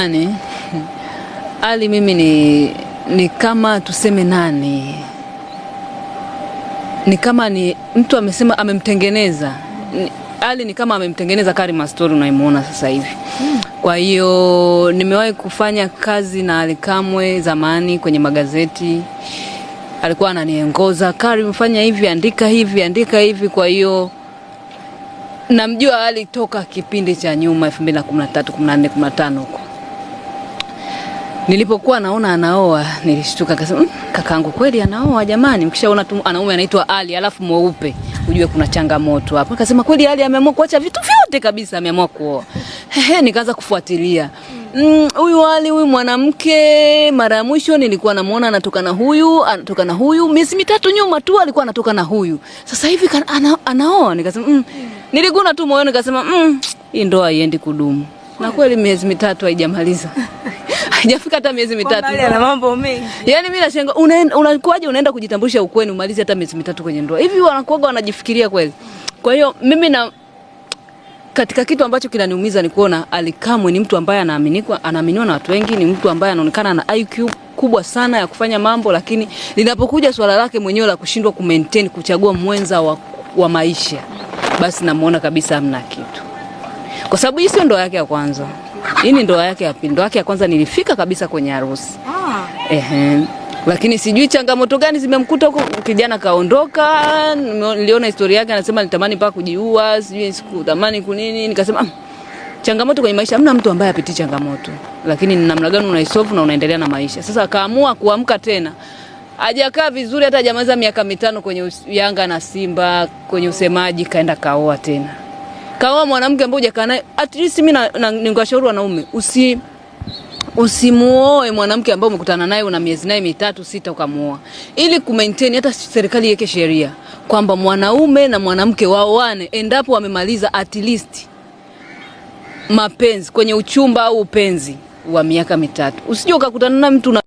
Nani? Ali mimi ni, ni kama tuseme nani, ni kama ni mtu amesema amemtengeneza Ali ni kama amemtengeneza Karima Story unaimuona sasa hivi. Kwa hiyo nimewahi kufanya kazi na Ali Kamwe zamani kwenye magazeti, alikuwa ananiongoza Karim, fanya hivi, andika hivi, andika hivi. Kwa hiyo namjua Ali toka kipindi cha nyuma 2013, 14, 15 huko. Nilipokuwa naona anaoa nilishtuka, kasema mmm, kakaangu kweli anaoa jamani. Mkishaona tu anaume anaitwa Ali alafu mweupe, ujue kuna changamoto hapo. Akasema kweli Ali ameamua kuacha vitu vyote kabisa, ameamua kuoa. Ehe, nikaanza kufuatilia mm, huyu mm, Ali huyu mwanamke. Mara ya mwisho nilikuwa namuona anatoka na huyu anatoka na huyu, miezi mitatu nyuma tu alikuwa anatoka na huyu, sasa hivi ana, anaoa. Nikasema mm. Niliguna tu moyoni, nikasema mm, hii ndoa haiendi kudumu, na kweli miezi mitatu haijamaliza hajafika hata miezi mitatu. Ana mambo mengi. Yaani mimi nashangaa una, unakuaje unaenda kujitambulisha ukweni umalize hata miezi mitatu kwenye ndoa. Hivi wanakuaga wanajifikiria kweli. Kwa hiyo mimi na katika kitu ambacho kinaniumiza ni kuona Alikamwe ni mtu ambaye anaaminikwa, anaaminiwa na watu wengi, ni mtu ambaye anaonekana na IQ kubwa sana ya kufanya mambo, lakini linapokuja swala lake mwenyewe la kushindwa kumaintain kuchagua mwenza wa, wa maisha, basi namuona kabisa hamna kitu, kwa sababu hii sio ndoa yake ya kwanza. Hii ni ndoa yake ya pili. Ndoa yake ya kwanza nilifika kabisa kwenye harusi. Ah. Ehe. Lakini sijui changamoto gani zimemkuta huko, kijana kaondoka. Niliona historia yake, anasema nitamani mpaka kujiua, sijui sikutamani kunini. Nikasema ah, changamoto kwenye maisha, hamna mtu ambaye apitii changamoto, lakini ni namna gani unaisolve na unaendelea na maisha. Sasa akaamua kuamka tena, hajakaa vizuri, hata hajamaliza miaka mitano kwenye Yanga na Simba, kwenye usemaji, kaenda kaoa tena kama mwanamke ambaye hujakaa naye, at least mimi ningewashauri wanaume usi usimuoe mwanamke ambaye umekutana naye una miezi naye mitatu sita ukamuoa, ili maintain Hata serikali iweke sheria kwamba mwanaume na mwanamke waoane endapo wamemaliza at least mapenzi kwenye uchumba au upenzi wa miaka mitatu. Usije ukakutana na mtu